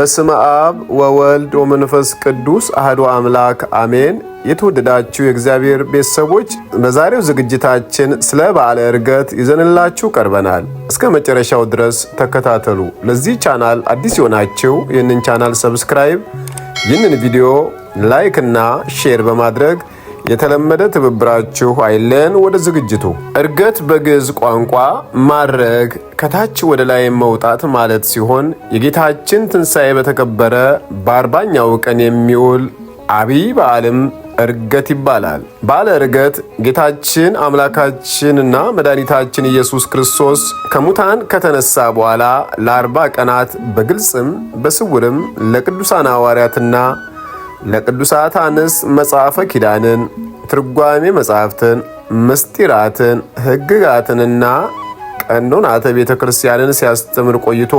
በስመ አብ ወወልድ ወመንፈስ ቅዱስ አህዶ አምላክ አሜን። የተወደዳችሁ የእግዚአብሔር ቤተሰቦች በዛሬው ዝግጅታችን ስለ በዓለ ዕርገት ይዘንላችሁ ቀርበናል። እስከ መጨረሻው ድረስ ተከታተሉ። ለዚህ ቻናል አዲስ የሆናችሁ ይህንን ቻናል ሰብስክራይብ፣ ይህንን ቪዲዮ ላይክ እና ሼር በማድረግ የተለመደ ትብብራችሁ አይለን። ወደ ዝግጅቱ እድገት በግዕዝ ቋንቋ ማድረግ ከታች ወደ ላይ መውጣት ማለት ሲሆን የጌታችን ትንሣኤ በተከበረ በአርባኛው ቀን የሚውል አብይ በዓልም እርገት ይባላል። ባለ እርገት ጌታችን አምላካችንና መድኃኒታችን ኢየሱስ ክርስቶስ ከሙታን ከተነሳ በኋላ ለአርባ ቀናት በግልጽም በስውርም ለቅዱሳን ሐዋርያትና ለቅዱሳት አንስ መጽሐፈ ኪዳንን ትርጓሜ መጽሐፍትን፣ ምስጢራትን፣ ሕግጋትንና ቀኖናተ ቤተ ክርስቲያንን ሲያስተምር ቆይቶ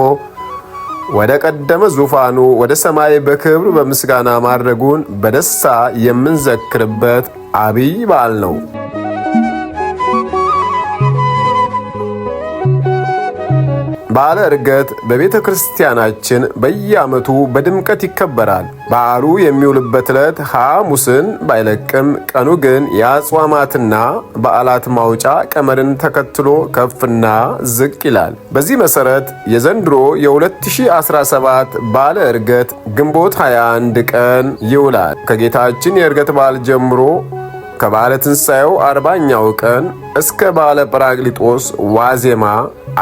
ወደ ቀደመ ዙፋኑ ወደ ሰማይ በክብር በምስጋና ማድረጉን በደስታ የምንዘክርበት አብይ በዓል ነው። በዓለ ዕርገት በቤተ ክርስቲያናችን በየዓመቱ በድምቀት ይከበራል። በዓሉ የሚውልበት ዕለት ሐሙስን ባይለቅም ቀኑ ግን የአጽዋማትና በዓላት ማውጫ ቀመርን ተከትሎ ከፍና ዝቅ ይላል። በዚህ መሠረት የዘንድሮ የ2017 በዓለ ዕርገት ግንቦት 21 ቀን ይውላል። ከጌታችን የዕርገት በዓል ጀምሮ ከበዓለ ትንሣኤው አርባኛው ቀን እስከ በዓለ ጰራቅሊጦስ ዋዜማ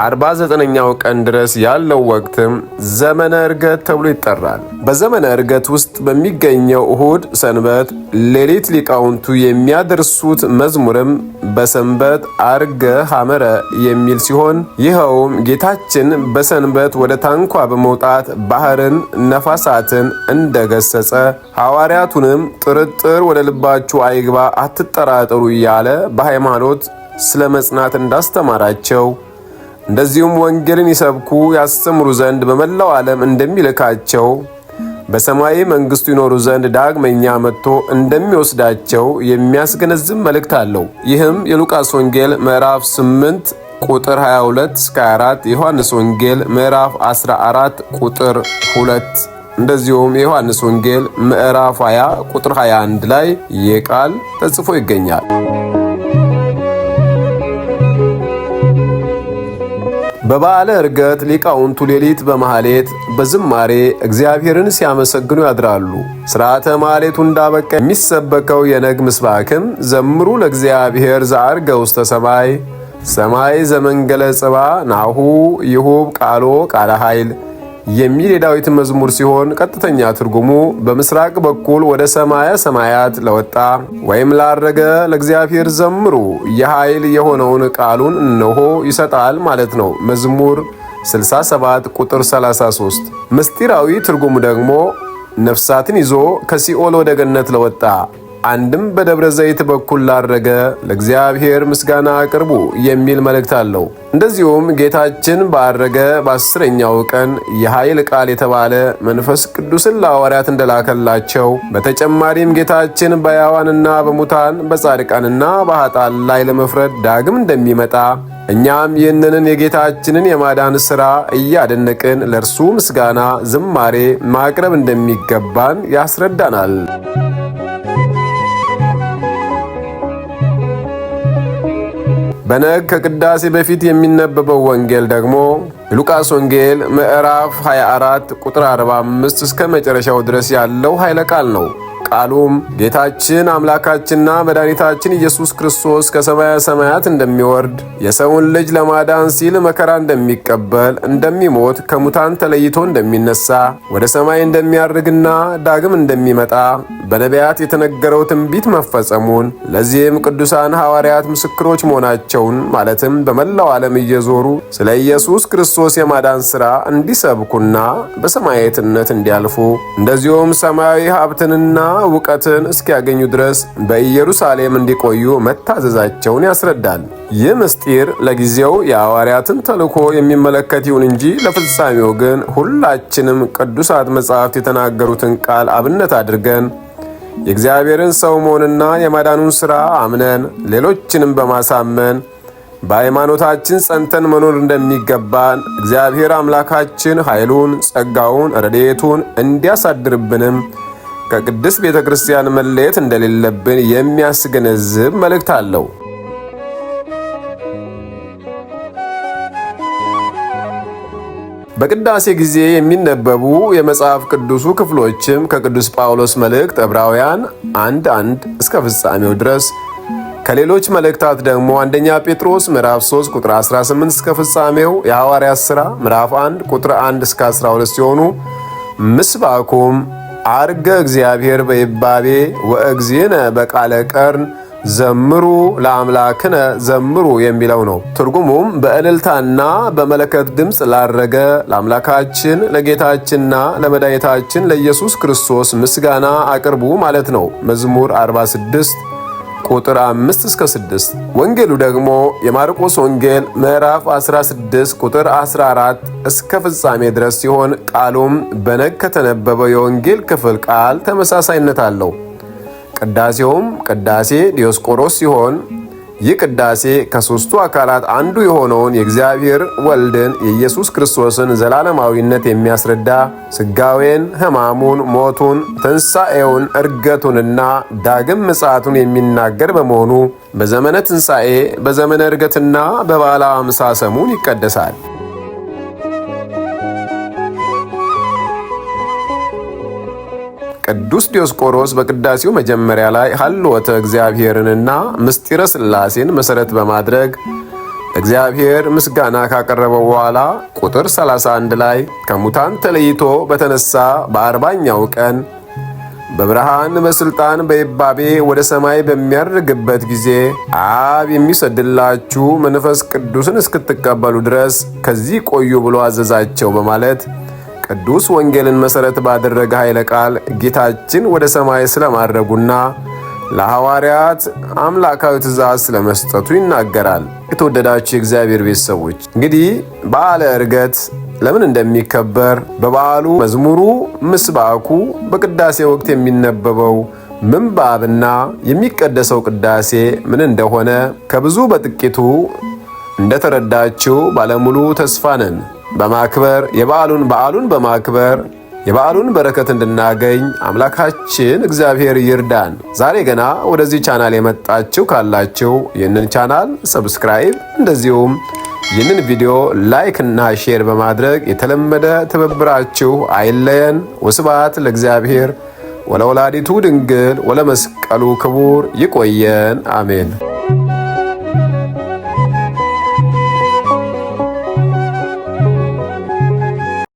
49ኛው ቀን ድረስ ያለው ወቅትም ዘመነ እርገት ተብሎ ይጠራል። በዘመነ እርገት ውስጥ በሚገኘው እሁድ ሰንበት ሌሊት ሊቃውንቱ የሚያደርሱት መዝሙርም በሰንበት አርገ ሐመረ የሚል ሲሆን ይኸውም ጌታችን በሰንበት ወደ ታንኳ በመውጣት ባህርን፣ ነፋሳትን እንደገሰጸ ሐዋርያቱንም ጥርጥር ወደ ልባችሁ አይግባ አትጠራጠሩ እያለ በሃይማኖት ስለ መጽናት እንዳስተማራቸው እንደዚሁም ወንጌልን ይሰብኩ ያስተምሩ ዘንድ በመላው ዓለም እንደሚልካቸው በሰማያዊ መንግስቱ ይኖሩ ዘንድ ዳግመኛ መጥቶ እንደሚወስዳቸው የሚያስገነዝብ መልእክት አለው። ይህም የሉቃስ ወንጌል ምዕራፍ 8 ቁጥር 22 እስከ 24፣ ዮሐንስ ወንጌል ምዕራፍ 14 ቁጥር 2 እንደዚሁም የዮሐንስ ወንጌል ምዕራፍ 20 ቁጥር 21 ላይ ይህ ቃል ተጽፎ ይገኛል። በበዓለ ዕርገት ሊቃውንቱ ሌሊት በማህሌት በዝማሬ እግዚአብሔርን ሲያመሰግኑ ያድራሉ። ስርዓተ ማህሌቱ እንዳበቃ የሚሰበከው የነግ ምስባክም ዘምሩ ለእግዚአብሔር ዘአርገ ውስተ ሰማይ ሰማይ ዘመንገለ ጽባ ናሁ ይሁብ ቃሎ ቃለ ኃይል የሚል የዳዊት መዝሙር ሲሆን ቀጥተኛ ትርጉሙ በምስራቅ በኩል ወደ ሰማየ ሰማያት ለወጣ ወይም ላረገ ለእግዚአብሔር ዘምሩ፣ የኃይል የሆነውን ቃሉን እነሆ ይሰጣል ማለት ነው። መዝሙር 67 ቁጥር 33። ምስጢራዊ ትርጉሙ ደግሞ ነፍሳትን ይዞ ከሲኦል ወደ ገነት ለወጣ አንድም በደብረ ዘይት በኩል ላረገ ለእግዚአብሔር ምስጋና አቅርቡ የሚል መልእክት አለው። እንደዚሁም ጌታችን ባረገ በአስረኛው ቀን የኃይል ቃል የተባለ መንፈስ ቅዱስን ለሐዋርያት እንደላከላቸው በተጨማሪም ጌታችን በሕያዋንና በሙታን በጻድቃንና በኃጥአን ላይ ለመፍረድ ዳግም እንደሚመጣ እኛም ይህንን የጌታችንን የማዳን ሥራ እያደነቅን ለእርሱ ምስጋና ዝማሬ ማቅረብ እንደሚገባን ያስረዳናል። በነግ ከቅዳሴ በፊት የሚነበበው ወንጌል ደግሞ የሉቃስ ወንጌል ምዕራፍ 24 ቁጥር 45 እስከ መጨረሻው ድረስ ያለው ኃይለ ቃል ነው። ቃሉም ጌታችን አምላካችንና መድኃኒታችን ኢየሱስ ክርስቶስ ከሰማያ ሰማያት እንደሚወርድ የሰውን ልጅ ለማዳን ሲል መከራ እንደሚቀበል እንደሚሞት ከሙታን ተለይቶ እንደሚነሳ ወደ ሰማይ እንደሚያርግና ዳግም እንደሚመጣ በነቢያት የተነገረው ትንቢት መፈጸሙን ለዚህም ቅዱሳን ሐዋርያት ምስክሮች መሆናቸውን ማለትም በመላው ዓለም እየዞሩ ስለ ኢየሱስ ክርስቶስ የማዳን ሥራ እንዲሰብኩና በሰማያትነት እንዲያልፉ እንደዚሁም ሰማያዊ ሀብትንና እውቀትን እስኪያገኙ ድረስ በኢየሩሳሌም እንዲቆዩ መታዘዛቸውን ያስረዳል። ይህ ምስጢር ለጊዜው የሐዋርያትን ተልእኮ የሚመለከት ይሁን እንጂ ለፍጻሜው ግን ሁላችንም ቅዱሳት መጻሕፍት የተናገሩትን ቃል አብነት አድርገን የእግዚአብሔርን ሰው መሆንና የማዳኑን ሥራ አምነን ሌሎችንም በማሳመን በሃይማኖታችን ጸንተን መኖር እንደሚገባን እግዚአብሔር አምላካችን ኃይሉን፣ ጸጋውን፣ ረድኤቱን እንዲያሳድርብንም ከቅድስት ቤተ ክርስቲያን መለየት እንደሌለብን የሚያስገነዝብ መልእክት አለው። በቅዳሴ ጊዜ የሚነበቡ የመጽሐፍ ቅዱሱ ክፍሎችም ከቅዱስ ጳውሎስ መልእክት ዕብራውያን አንድ አንድ እስከ ፍጻሜው ድረስ ከሌሎች መልእክታት ደግሞ አንደኛ ጴጥሮስ ምዕራፍ 3 ቁጥር 18 እስከ ፍጻሜው፣ የሐዋርያት ሥራ ምዕራፍ 1 ቁጥር 1 እስከ 12 ሲሆኑ ምስባኩም አርገ እግዚአብሔር በይባቤ ወእግዚእነ በቃለ ቀርን ዘምሩ ለአምላክነ ዘምሩ የሚለው ነው። ትርጉሙም በእልልታና በመለከት ድምፅ ላረገ ለአምላካችን ለጌታችንና ለመድኃኒታችን ለኢየሱስ ክርስቶስ ምስጋና አቅርቡ ማለት ነው። መዝሙር 46 ቁጥር አምስት እስከ ስድስት ወንጌሉ ደግሞ የማርቆስ ወንጌል ምዕራፍ 16 ቁጥር 14 እስከ ፍጻሜ ድረስ ሲሆን ቃሉም በነግ ከተነበበው የወንጌል ክፍል ቃል ተመሳሳይነት አለው። ቅዳሴውም ቅዳሴ ዲዮስቆሮስ ሲሆን ይህ ቅዳሴ ከሦስቱ አካላት አንዱ የሆነውን የእግዚአብሔር ወልድን የኢየሱስ ክርስቶስን ዘላለማዊነት የሚያስረዳ ስጋዌን፣ ሕማሙን፣ ሞቱን፣ ትንሣኤውን፣ እርገቱንና ዳግም ምጽአቱን የሚናገር በመሆኑ በዘመነ ትንሣኤ፣ በዘመነ እርገትና በበዓለ ሃምሳ ሰሙን ይቀደሳል። ቅዱስ ዲዮስቆሮስ በቅዳሴው መጀመሪያ ላይ ሀልወተ እግዚአብሔርንና ምስጢረ ስላሴን መሠረት በማድረግ እግዚአብሔር ምስጋና ካቀረበው በኋላ ቁጥር 31 ላይ ከሙታን ተለይቶ በተነሳ በአርባኛው ቀን በብርሃን በሥልጣን በይባቤ ወደ ሰማይ በሚያርግበት ጊዜ አብ የሚሰድላችሁ መንፈስ ቅዱስን እስክትቀበሉ ድረስ ከዚህ ቆዩ ብሎ አዘዛቸው በማለት ቅዱስ ወንጌልን መሠረት ባደረገ ኃይለ ቃል ጌታችን ወደ ሰማይ ስለማድረጉና ለሐዋርያት አምላካዊ ትእዛዝ ስለመስጠቱ ይናገራል። የተወደዳችሁ የእግዚአብሔር ቤተሰቦች እንግዲህ በዓለ ዕርገት ለምን እንደሚከበር በበዓሉ መዝሙሩ፣ ምስባኩ፣ በቅዳሴ ወቅት የሚነበበው ምንባብና የሚቀደሰው ቅዳሴ ምን እንደሆነ ከብዙ በጥቂቱ እንደተረዳችሁ ባለሙሉ ተስፋ ነን። በማክበር የበዓሉን በዓሉን በማክበር የበዓሉን በረከት እንድናገኝ አምላካችን እግዚአብሔር ይርዳን። ዛሬ ገና ወደዚህ ቻናል የመጣችሁ ካላችሁ ይህንን ቻናል ሰብስክራይብ፣ እንደዚሁም ይህንን ቪዲዮ ላይክ እና ሼር በማድረግ የተለመደ ትብብራችሁ አይለየን። ወስብሐት ለእግዚአብሔር ወለወላዲቱ ድንግል ወለመስቀሉ ክቡር። ይቆየን። አሜን።